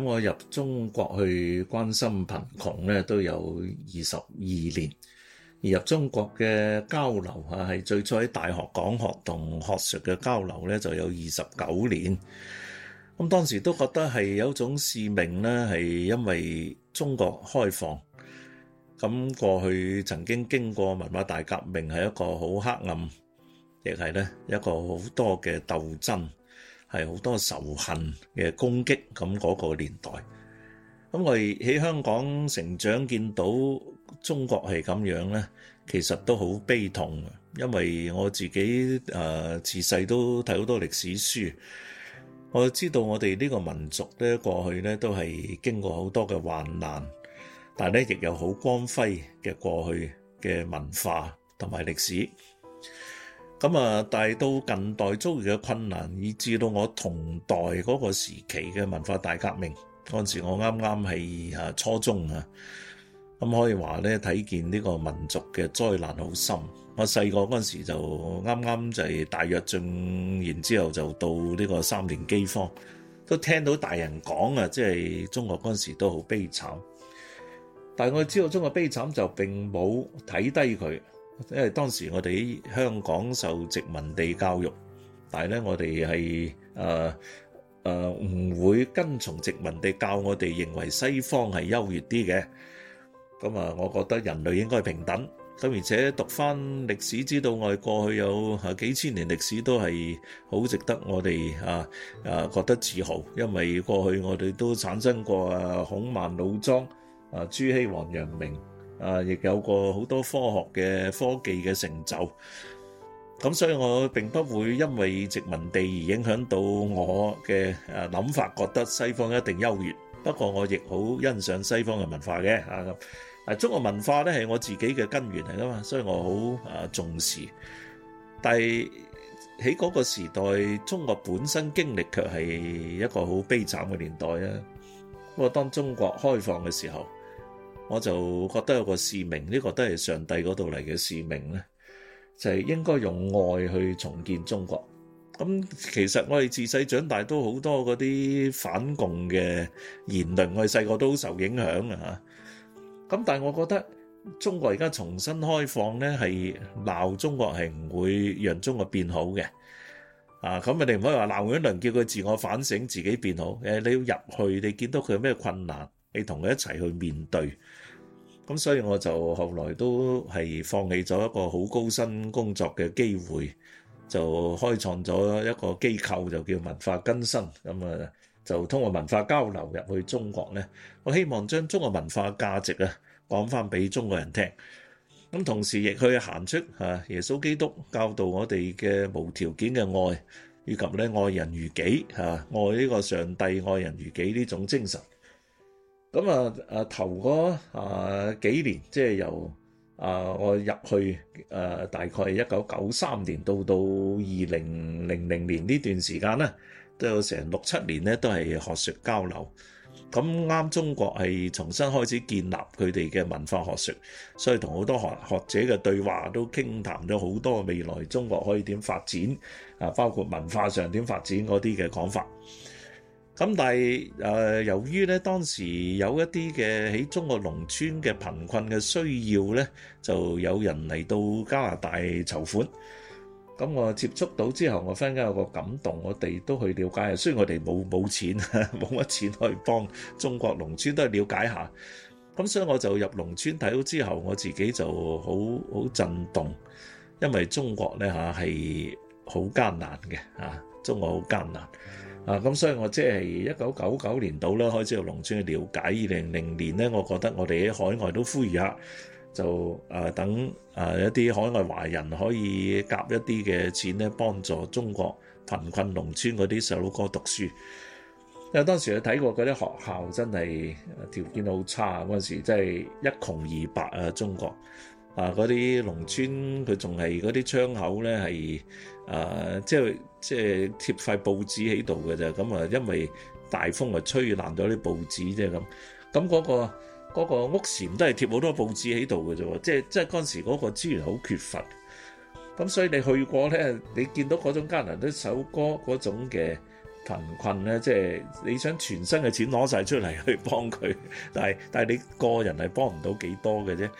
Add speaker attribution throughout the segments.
Speaker 1: 咁我入中國去關心貧窮咧，都有二十二年；而入中國嘅交流啊，係最初喺大學講學同學術嘅交流咧，就有二十九年。咁當時都覺得係有一種使命咧，係因為中國開放，咁過去曾經經過文化大革命，係一個好黑暗，亦係咧一個好多嘅鬥爭。係好多仇恨嘅攻擊，咁嗰個年代，咁我哋喺香港成長見到中國係咁樣呢，其實都好悲痛。因為我自己誒自細都睇好多歷史書，我知道我哋呢個民族呢，過去呢都係經過好多嘅患難，但係呢，亦有好光輝嘅過去嘅文化同埋歷史。咁啊！但係到近代遭遇嘅困難，以至到我同代嗰個時期嘅文化大革命嗰陣時，我啱啱係啊初中啊，咁可以話咧睇見呢個民族嘅災難好深。我細個嗰陣時就啱啱就係大躍進，然之後就到呢個三年饑荒，都聽到大人講啊，即係中國嗰陣時都好悲慘。但係我知道中國悲慘，就並冇睇低佢。因為當時我哋香港受殖民地教育，但係咧我哋係誒誒唔會跟從殖民地教，我哋認為西方係優越啲嘅。咁、嗯、啊，我覺得人類應該平等。咁而且讀翻歷史知道，我哋過去有啊幾千年歷史，都係好值得我哋啊啊覺得自豪，因為過去我哋都產生過啊孔孟老莊啊朱熹王陽明。啊，亦有過好多科學嘅科技嘅成就，咁所以我並不會因為殖民地而影響到我嘅啊諗法，覺得西方一定優越。不過我亦好欣賞西方嘅文化嘅啊咁。啊，中國文化呢係我自己嘅根源嚟噶嘛，所以我好啊重視。但係喺嗰個時代，中國本身經歷卻係一個好悲慘嘅年代啊。不過當中國開放嘅時候，我就覺得有個使命，呢個都係上帝嗰度嚟嘅使命咧，就係應該用愛去重建中國。咁其實我哋自細長大都好多嗰啲反共嘅言論，我哋細個都受影響啊。咁但係我覺得中國而家重新開放呢，係鬧中國係唔會讓中國變好嘅。啊，咁你哋唔可以話鬧一輪叫佢自我反省，自己變好。誒，你要入去，你見到佢有咩困難？你同佢一齊去面對咁，所以我就後來都係放棄咗一個好高薪工作嘅機會，就開創咗一個機構，就叫文化更新。咁啊，就通過文化交流入去中國咧，我希望將中國文化價值啊講翻俾中國人聽。咁同時亦去行出耶穌基督教導我哋嘅無條件嘅愛，以及咧愛人如己啊，愛呢個上帝愛人如己呢種精神。咁啊啊頭嗰啊幾年，即係由啊我入去誒，大概係一九九三年到到二零零零年呢段時間咧，都有成六七年咧，都係學術交流。咁啱中國係重新開始建立佢哋嘅文化學術，所以同好多學學者嘅對話都傾談咗好多未來中國可以點發展啊，包括文化上點發展嗰啲嘅講法。咁但係、呃、由於咧當時有一啲嘅喺中國農村嘅貧困嘅需要咧，就有人嚟到加拿大籌款。咁我接觸到之後，我忽然間有個感動。我哋都去了解，雖然我哋冇冇錢冇乜錢去幫中國農村，都係了解下。咁所以我就入農村睇到之後，我自己就好好震動，因為中國咧嚇係好艱難嘅，中國好艱難。啊，咁所以我即係一九九九年到啦，開始去農村去了解。二零零年咧，我覺得我哋喺海外都呼籲一下，就啊等啊一啲海外華人可以夾一啲嘅錢咧，幫助中國貧困農村嗰啲細佬哥讀書。因為啊當時我睇過嗰啲學校真係條件好差，嗰陣時真係一窮二白啊！中國啊，嗰啲農村佢仲係嗰啲窗口咧係啊，即係。即係貼塊報紙喺度嘅啫，咁啊，因為大風啊吹爛咗啲報紙啫。咁咁嗰個屋簾都係貼好多報紙喺度嘅啫。即係即係嗰陣時嗰個資源好缺乏，咁所以你去過咧，你見到嗰種艱難，一首歌嗰種嘅貧困咧，即係你想全身嘅錢攞晒出嚟去幫佢，但係但係你個人係幫唔到幾多嘅啫。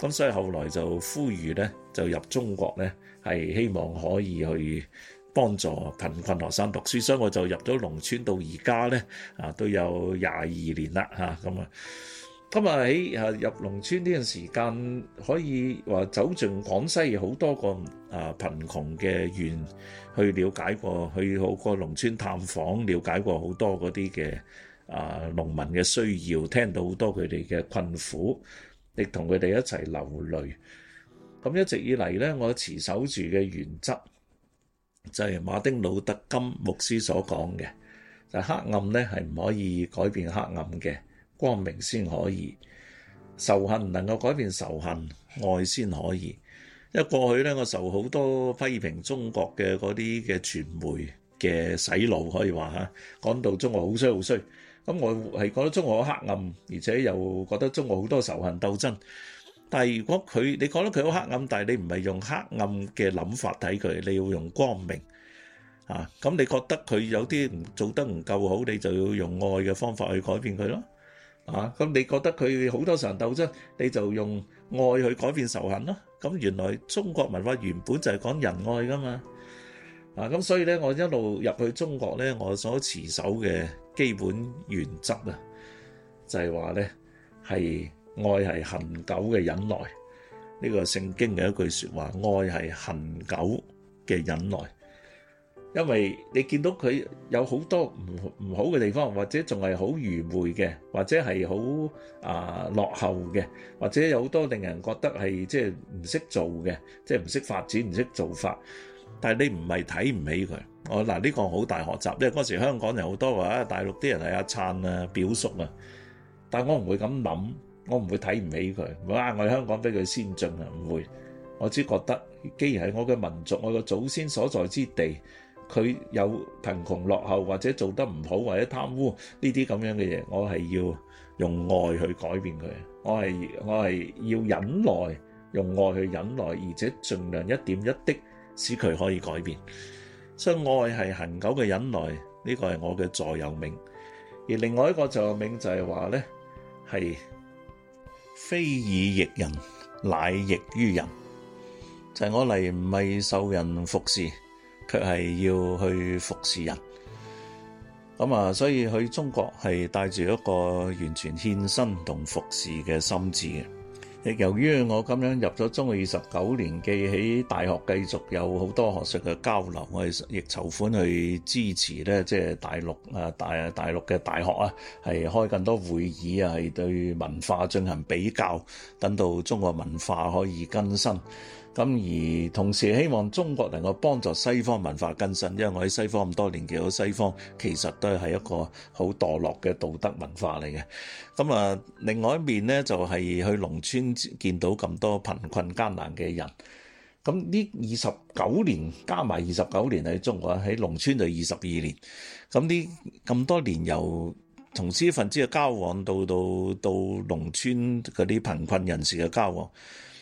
Speaker 1: 咁所以後來就呼籲咧，就入中國咧，係希望可以去幫助貧困學生讀書，所以我就入咗農村到，到而家咧啊都有廿二年啦嚇，咁啊，今日喺啊入農村呢段時間，可以話走進廣西好多個啊貧窮嘅縣去了解過，去好過農村探訪，了解過好多嗰啲嘅啊農民嘅需要，聽到好多佢哋嘅困苦，亦同佢哋一齊流淚。咁一直以嚟咧，我持守住嘅原則。.就係馬丁路德金牧師所講嘅，就係黑暗咧係唔可以改變黑暗嘅，光明先可以；仇恨唔能夠改變仇恨，愛先可以。因為過去咧，我受好多批評中國嘅嗰啲嘅傳媒嘅洗腦，可以話吓，講到中國好衰好衰。咁我係覺得中國好黑暗，而且又覺得中國好多仇恨鬥爭。但係如果佢你覺得佢好黑暗，但係你唔係用黑暗嘅諗法睇佢，你要用光明啊！咁你覺得佢有啲唔做得唔夠好，你就要用愛嘅方法去改變佢咯啊！咁你覺得佢好多時候鬥爭，你就用愛去改變仇恨咯。咁原來中國文化原本就係講仁愛㗎嘛啊！咁所以咧，我一路入去中國咧，我所持守嘅基本原則啊，就係話咧係。愛係恆久嘅忍耐，呢個聖經嘅一句説話。愛係恆久嘅忍耐，因為你見到佢有好多唔唔好嘅地方，或者仲係好愚昧嘅，或者係好啊落後嘅，或者有好多令人覺得係即係唔識做嘅，即係唔識發展、唔識做法。但係你唔係睇唔起佢。我嗱呢個好大學習咧。因為嗰時香港人好多話啊，大陸啲人係阿燦啊、表叔啊，但我唔會咁諗。我唔會睇唔起佢，唔會話我香港比佢先進啊！唔會，我只覺得既然係我嘅民族，我嘅祖先所在之地，佢有貧窮落後或者做得唔好或者貪污呢啲咁樣嘅嘢，我係要用愛去改變佢。我係我係要忍耐，用愛去忍耐，而且儘量一點一滴使佢可以改變。所以愛係恆久嘅忍耐，呢個係我嘅座右銘。而另外一個座右銘就係話呢，係。非以役人，乃役於人。就係、是、我嚟唔係受人服侍，卻係要去服侍人。咁啊，所以去中國係帶住一個完全獻身同服侍嘅心志嘅。由於我咁樣入咗中二十九年，記起大學繼續有好多學術嘅交流，我哋亦籌款去支持咧，即係大陸啊大大陸嘅大學啊，係開更多會議啊，係對文化進行比較，等到中國文化可以更新。咁而同時希望中國能夠幫助西方文化更新，因為我喺西方咁多年，見到西方其實都係一個好墮落嘅道德文化嚟嘅。咁啊，另外一面呢，就係去農村見到咁多貧困艱難嘅人。咁呢二十九年加埋二十九年喺中國，喺農村就二十二年。咁呢咁多年由從私分子嘅交往，到到到農村嗰啲貧困人士嘅交往。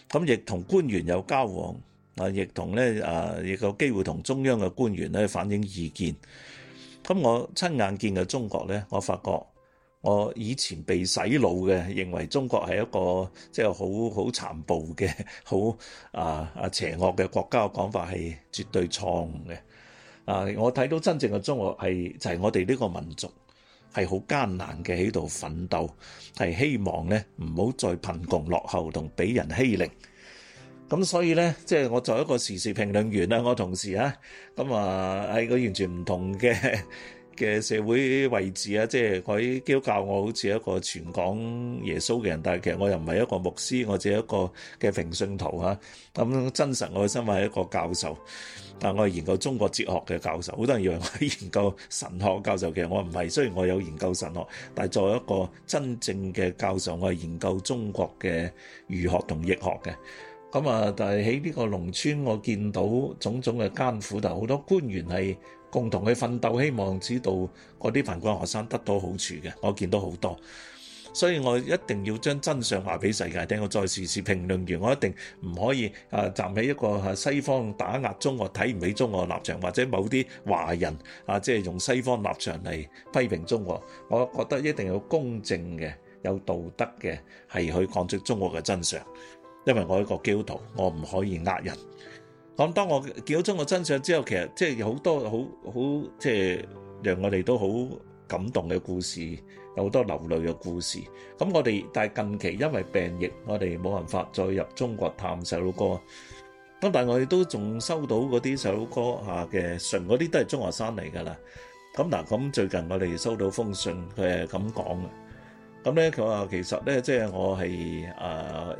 Speaker 1: 咁亦同官員有交往，啊，亦同咧啊，亦有機會同中央嘅官員咧反映意見。咁我親眼見嘅中國咧，我發覺我以前被洗腦嘅，認為中國係一個即係好好殘暴嘅好啊啊邪惡嘅國家嘅講法係絕對錯誤嘅。啊，我睇到真正嘅中國係就係、是、我哋呢個民族。係好艱難嘅喺度奮鬥，係希望咧唔好再貧窮落後同俾人欺凌。咁所以咧，即係我作為一個時事評論員啊，我同事啊，咁啊係個完全唔同嘅嘅社會位置啊，即係佢叫教我好似一個傳講耶穌嘅人，但係其實我又唔係一個牧師，我只係一個嘅平信徒嚇。咁真實我嘅身份係一個教授，但係我係研究中國哲學嘅教授。好多人以為我係研究神學教授，其實我唔係。雖然我有研究神學，但係作為一個真正嘅教授，我係研究中國嘅儒學同易學嘅。咁啊，但係喺呢個農村，我見到種種嘅艱苦，但係好多官員係，共同去奮鬥，希望知道嗰啲貧困學生得到好處嘅，我見到好多，所以我一定要將真相話俾世界聽。我再時時評論員，我一定唔可以啊站喺一個西方打壓中國、睇唔起中國嘅立場，或者某啲華人啊，即係用西方立場嚟批評中國。我覺得一定要公正嘅、有道德嘅，係去講出中國嘅真相。因為我一個基督徒，我唔可以呃人。咁當我見到中國真相之後，其實即係有好多好好即係讓我哋都好感動嘅故事，有好多流淚嘅故事。咁我哋但係近期因為病疫，我哋冇辦法再入中國探細佬哥。咁但係我哋都仲收到嗰啲細佬哥嚇嘅信，嗰啲都係中學生嚟㗎啦。咁嗱，咁最近我哋收到封信，佢係咁講嘅。咁咧佢話其實咧，即係我係誒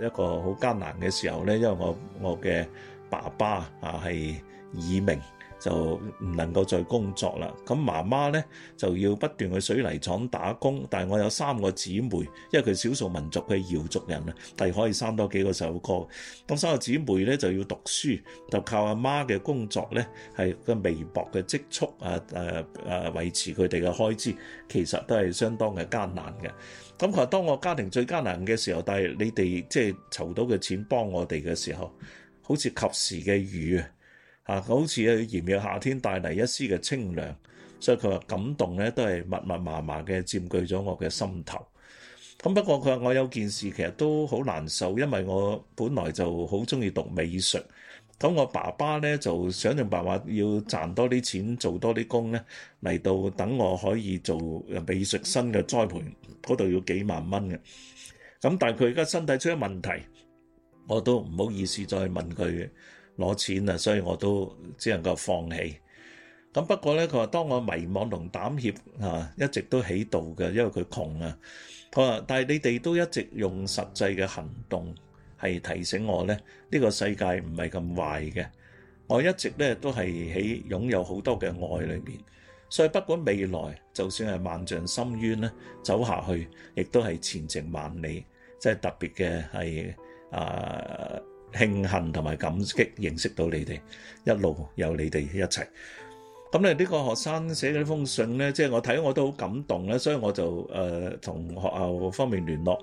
Speaker 1: 一個好艱難嘅時候咧，因為我我嘅。爸爸啊，係耳鳴就唔能夠再工作啦。咁媽媽咧就要不斷去水泥廠打工。但係我有三個姊妹，因為佢少數民族嘅瑤族人但係可以生多幾個細路哥。當三個姊妹咧就要讀書，就靠阿媽嘅工作咧係個微薄嘅積蓄啊，誒、啊、維持佢哋嘅開支，其實都係相當嘅艱難嘅。咁佢話：當我家庭最艱難嘅時候，但係你哋即係籌到嘅錢幫我哋嘅時候。好似及時嘅雨啊，嚇！好似喺炎熱夏天帶嚟一絲嘅清涼，所以佢話感動咧都係密密麻麻嘅佔據咗我嘅心頭。咁不過佢話我有件事其實都好難受，因為我本來就好中意讀美術。咁我爸爸咧就想盡辦法要賺多啲錢，做多啲工咧嚟到等我可以做美術生嘅栽培。嗰度要幾萬蚊嘅。咁但佢而家身體出咗問題。我都唔好意思再問佢攞錢啊，所以我都只能夠放棄。咁不過呢，佢話：當我迷惘同膽怯啊，一直都喺度嘅，因為佢窮啊。佢話：但係你哋都一直用實際嘅行動係提醒我呢，呢個世界唔係咁壞嘅。我一直呢都係喺擁有好多嘅愛裏面，所以不管未來，就算係萬丈深淵咧，走下去亦都係前程萬里。即係特別嘅係。啊！慶幸同埋感激認識到你哋，一路有你哋一齊。咁咧，呢個學生寫嘅呢封信咧，即係我睇我都好感動咧，所以我就誒同學校方面聯絡，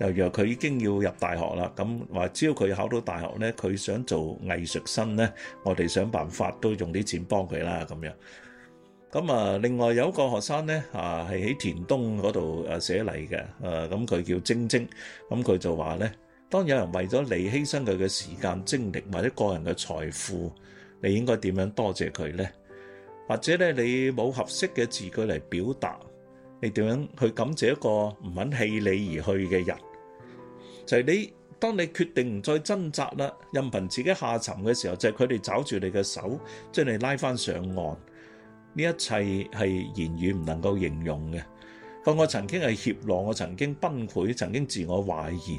Speaker 1: 又約佢已經要入大學啦。咁話，只要佢考到大學咧，佢想做藝術生咧，我哋想辦法都用啲錢幫佢啦。咁樣咁啊，另外有一個學生咧啊，係喺田東嗰度誒寫嚟嘅誒，咁佢叫晶晶，咁佢就話咧。當有人為咗你犧牲佢嘅時間、精力或者個人嘅財富，你應該點樣多謝佢呢？或者咧，你冇合適嘅字句嚟表達你點樣去感謝一個唔肯棄你而去嘅人，就係你，當你決定唔再掙扎啦，任憑自己下沉嘅時候，就係佢哋找住你嘅手將你拉翻上岸。呢一切係言語唔能夠形容嘅。我我曾經係怯懦，我曾經崩潰，曾經自我懷疑。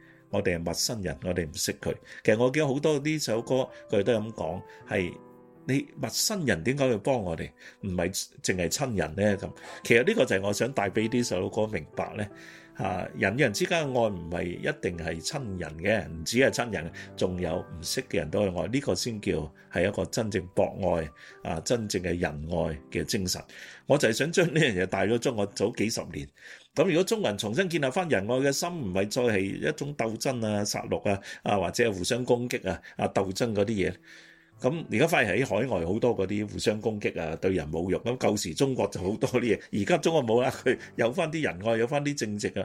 Speaker 1: 我哋係陌生人，我哋唔識佢。其實我見好多呢首歌，佢都咁講，係你陌生人點解要幫我哋？唔係淨係親人呢，咁。其實呢個就係我想帶俾呢首歌明白呢。啊！人與人之間嘅愛唔係一定係親人嘅，唔止係親人，仲有唔識嘅人都去愛，呢個先叫係一個真正博愛啊！真正嘅仁愛嘅精神，我就係想將呢樣嘢帶咗，中國早幾十年咁。如果中人重新建立翻仁愛嘅心，唔係再係一種鬥爭啊、殺戮啊、啊或者係互相攻擊啊、啊鬥爭嗰啲嘢。咁而家反而喺海外好多嗰啲互相攻擊啊，對人侮辱。咁舊時中國就好多啲嘢，而家中國冇啦，佢有返啲仁愛，有返啲正直啊。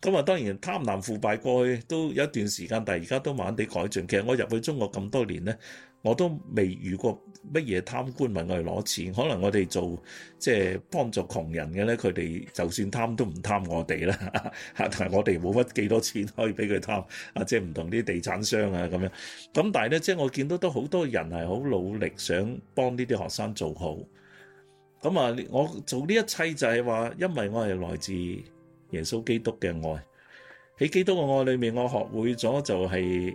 Speaker 1: 咁啊，當然貪婪腐敗過去都有一段時間，但係而家都慢慢地改進。其實我入去中國咁多年咧。我都未遇過乜嘢貪官問我哋攞錢，可能我哋做即係、就是、幫助窮人嘅咧，佢哋就算貪都唔貪我哋啦，嚇！但係我哋冇乜幾多錢可以俾佢貪，啊，即係唔同啲地產商啊咁樣。咁但係咧，即係我見到都好多人係好努力，想幫呢啲學生做好。咁啊，我做呢一切就係話，因為我係來自耶穌基督嘅愛。喺基督嘅愛裏面，我學會咗就係、是。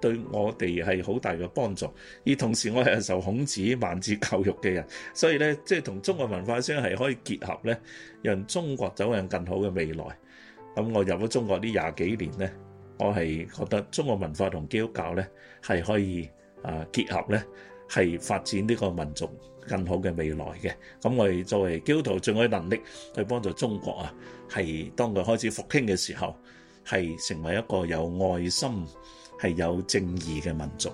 Speaker 1: 對我哋係好大嘅幫助，而同時我係受孔子孟子教育嘅人，所以咧即係同中國文化相係可以結合咧，讓中國走向更好嘅未來。咁我入咗中國呢廿幾年咧，我係覺得中國文化同基督教咧係可以啊結合咧，係發展呢個民族更好嘅未來嘅。咁我哋作為基督徒，盡我能力去幫助中國啊，係當佢開始復興嘅時候，係成為一個有愛心，係有正義嘅民族。